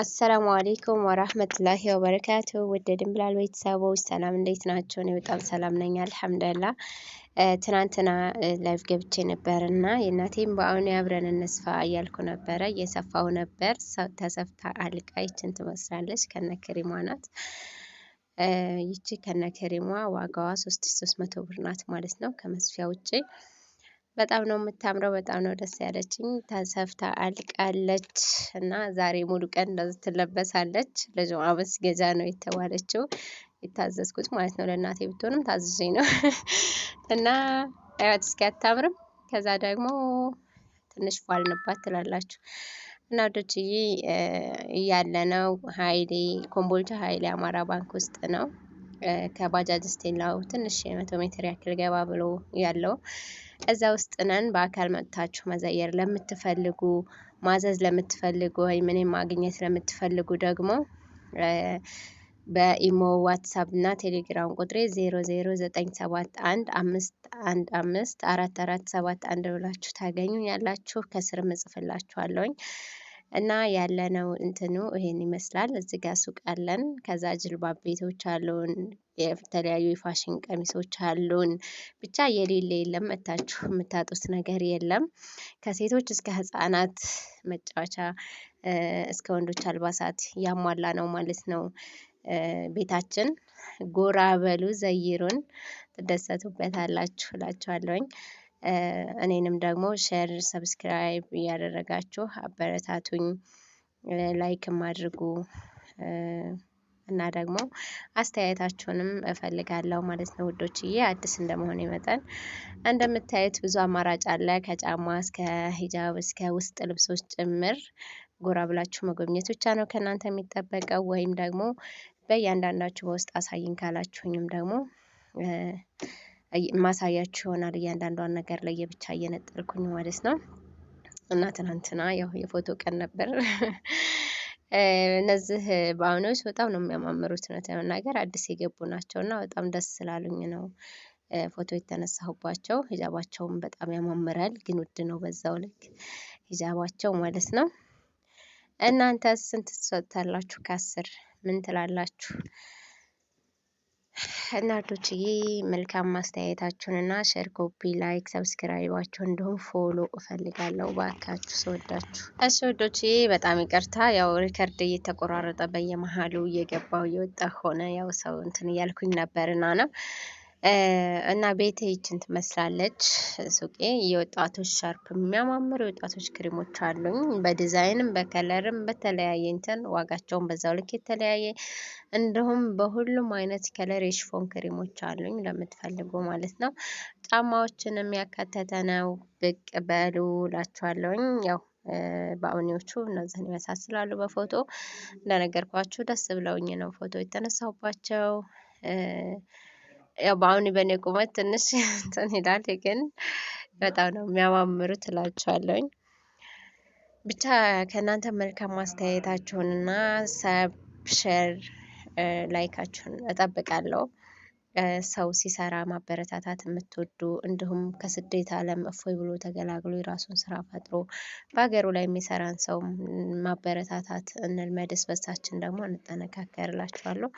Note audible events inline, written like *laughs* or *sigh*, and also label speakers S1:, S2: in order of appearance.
S1: አሰላሙ አሌይኩም ወራህመቱላሂ ወበረካቱ ውድ ድንብላል ቤተሰቦች ሰላም እንዴት ናቸው? እኔ በጣም ሰላም ነኝ አልሐምዱላ። ትናንትና ላይቭ ገብቼ ነበር እና የእናቴም በአሁኑ አብረን እንስፋ እያልኩ ነበረ እየሰፋው ነበር። ተሰፍታ ይችን ትመስላለች ከነ ክሪሟ ናት። ይቺ ከነ ክሪሟ ዋጋዋ ሶስት ሶስት መቶ ብር ናት ማለት ነው ከመስፊያ ውጭ በጣም ነው የምታምረው። በጣም ነው ደስ ያለችኝ። ተሰፍታ አልቃለች እና ዛሬ ሙሉ ቀን እንደዚህ ትለበሳለች። ልጇ መስገጃ ነው የተባለችው የታዘዝኩት ማለት ነው። ለእናቴ ብትሆንም ታዝዤ ነው *laughs* እና አያት እስኪ አታምርም? ከዛ ደግሞ ትንሽ ፏልንባት ትላላችሁ እና ወዶችዬ እያለነው ሀይሌ ኮምቦልቻ ሀይሌ አማራ ባንክ ውስጥ ነው። ከባጃጅ ስቴላው ትንሽ የመቶ ሜትር ያክል ገባ ብሎ ያለው እዛ ውስጥ ነን። በአካል መጥታችሁ መዘየር ለምትፈልጉ ማዘዝ ለምትፈልጉ ወይም እኔም ማግኘት ለምትፈልጉ ደግሞ በኢሞ ዋትሳፕ እና ቴሌግራም ቁጥሬ 00971 515 4471 ብላችሁ ታገኙኛላችሁ። ያላችሁ ከስር ምጽፍላችኋለሁኝ። እና ያለነው እንትኑ ይሄን ይመስላል። እዚህ ጋር ሱቅ አለን። ከዛ ጅልባብ ቤቶች አሉን። የተለያዩ የፋሽን ቀሚሶች አሉን። ብቻ የሌለ የለም፣ መታችሁ የምታጡት ነገር የለም። ከሴቶች እስከ ህጻናት መጫወቻ እስከ ወንዶች አልባሳት ያሟላ ነው ማለት ነው። ቤታችን ጎራ በሉ፣ ዘይሩን፣ ትደሰቱበታላችሁ እላችኋለሁኝ። እኔንም ደግሞ ሼር፣ ሰብስክራይብ እያደረጋችሁ አበረታቱኝ፣ ላይክም አድርጉ እና ደግሞ አስተያየታችሁንም እፈልጋለሁ ማለት ነው ውዶችዬ። አዲስ እንደመሆኔ መጠን እንደምታዩት ብዙ አማራጭ አለ። ከጫማ እስከ ሂጃብ እስከ ውስጥ ልብሶች ጭምር ጎራ ብላችሁ መጎብኘት ብቻ ነው ከእናንተ የሚጠበቀው። ወይም ደግሞ በእያንዳንዳችሁ በውስጥ አሳይን ካላችሁኝም ደግሞ ማሳያችሁ ይሆናል። እያንዳንዷን ነገር የብቻ እየነጠልኩኝ ማለት ነው። እና ትናንትና ያው የፎቶ ቀን ነበር። *laughs* እነዚህ በአሁኖች በጣም ነው የሚያማምሩት። እውነት ለመናገር አዲስ የገቡ ናቸው እና በጣም ደስ ስላሉኝ ነው ፎቶ የተነሳሁባቸው። ሂጃባቸውም በጣም ያማምራል፣ ግን ውድ ነው በዛው ልክ ሂጃባቸው ማለት ነው። እናንተ ስንት ትሰጣላችሁ? ከአስር ምን ትላላችሁ? እናቶችዬ መልካም ማስተያየታችሁን እና ኮፒ፣ ላይክ፣ ሰብስክራይባችሁ እንዲሁም ፎሎ እፈልጋለሁ። ባካችሁ ስወዳችሁ። እሺ ወዶችዬ በጣም ይቅርታ፣ ያው ሪከርድ እየተቆራረጠ በየመሀሉ እየገባው እየወጣ ሆነ። ያው ሰው እንትን እያልኩኝ ነበርና ነው እና ቤት ይችን ትመስላለች። ሱቄ የወጣቶች ሻርፕ የሚያማምሩ የወጣቶች ክሬሞች አሉኝ። በዲዛይንም በከለርም በተለያየ እንትን ዋጋቸውን በዛው ልክ የተለያየ እንዲሁም በሁሉም አይነት ከለር የሽፎን ክሬሞች አሉኝ ለምትፈልጉ ማለት ነው። ጫማዎችን ያካተተ ነው። ብቅ በሉ ላችኋለሁኝ። ያው በአሁኔዎቹ እነዚህን ይመሳስላሉ። በፎቶ እንደነገርኳችሁ ደስ ብለውኝ ነው ፎቶ የተነሳሁባቸው። ያው በአሁኑ በእኔ ቁመት ትንሽ *laughs* እንትን ይላል፣ ግን በጣም ነው የሚያማምሩት እላችኋለሁኝ። ብቻ ከእናንተ መልካም አስተያየታችሁንና ሰብ ሸር ላይካችሁን እጠብቃለሁ። ሰው ሲሰራ ማበረታታት የምትወዱ እንዲሁም ከስደት ዓለም እፎይ ብሎ ተገላግሎ የራሱን ስራ ፈጥሮ በሀገሩ ላይ የሚሰራን ሰው ማበረታታት እንልመድ። በሳችን ደግሞ እንጠነካከርላችኋለሁ።